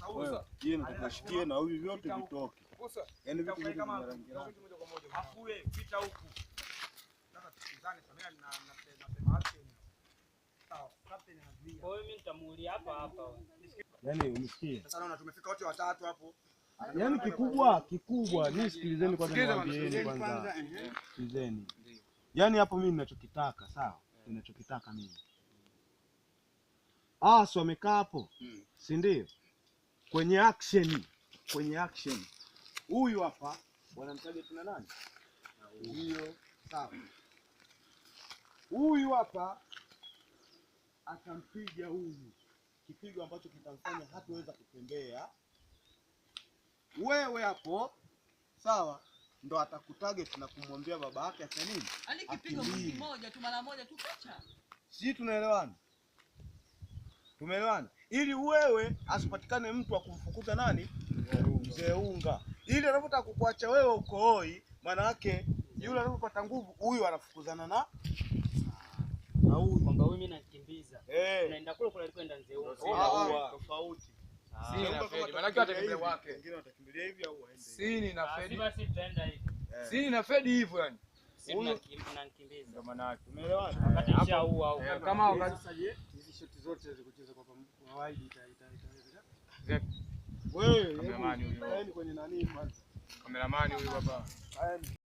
Kwa na huyu vyote vitoke. Yaani vitu vyote vina rangi rangi. Yaani unisikie. Sasa naona tumefika wote watatu hapo. Yaani kikubwa kikubwa ni sikilizeni kwanza niwaambieni kwanza. Sikilizeni. Yaani hapo mimi ninachokitaka, sawa? Eh. Ninachokitaka mimi as wamekaa hapo mm. si ndio? Kwenye action, kwenye action huyu hapa wanamtaja tuna nani? Hiyo sawa. Huyu hapa atampiga huyu kipigo ambacho kitamfanya hatuweza kutembea. Wewe hapo sawa, ndo atakutarget na kumwambia baba yake afanye nini, alikipigo mmoja tu mara moja tu, kacha sisi tunaelewana? Tumeelewana? Ili wewe asipatikane mtu wa kumfukuza nani? Mzee Unga. Ili anapotaka kukuacha wewe ukooi, maana yake yule anapopata nguvu huyu anafukuzana na na huyu kwamba wewe mimi nakimbiza. Hey. Eh. Unaenda kule kule alikwenda Mzee Unga. Tofauti. Ah. Sini na ah, Fedi. Basi tutaenda eh. Sini na Fedi hivyo yani. Sini na kimbiza. Ndio maana yake. Umeelewa? Wakati au eh, kama wakati shoti zote zikucheza kwa kawaida ita ita ita. Wewe, kwenye nani Kameramani huyu baba.